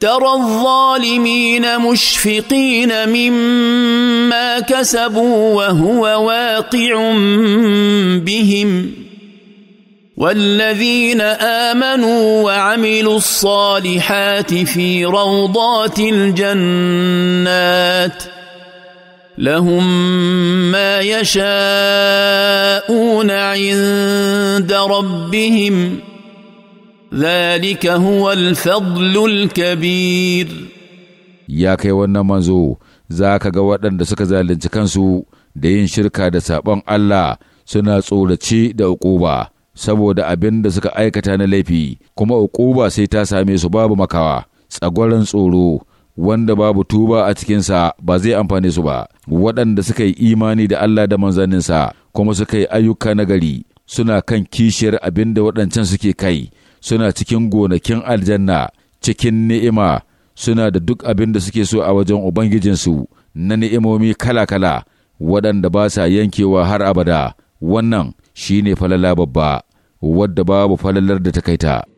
ترى الظالمين مشفقين مما كسبوا وهو واقع بهم والذين امنوا وعملوا الصالحات في روضات الجنات لهم ما يشاءون عند ربهم ذلك هو الفضل الكبير يا كي wannan manzo zaka ga waɗanda suka zalunci kansu da yin shirka da sabon Allah suna tsorace da uquba saboda abin da suka aikata na laifi kuma uquba sai ta same su babu makawa tsagwaron tsoro wanda babu tuba a cikinsa ba zai amfane su ba waɗanda suka yi imani da Allah da manzanninsa kuma suka yi ayyuka nagari suna kan kishiyar abin da waɗancan suke kai suna cikin gonakin aljanna cikin ni'ima suna da duk abin da suke so a wajen Ubangijinsu na ni'imomi kala-kala waɗanda ba sa yankewa har abada, wannan shi ne falala babba, wadda babu falalar da ta kaita.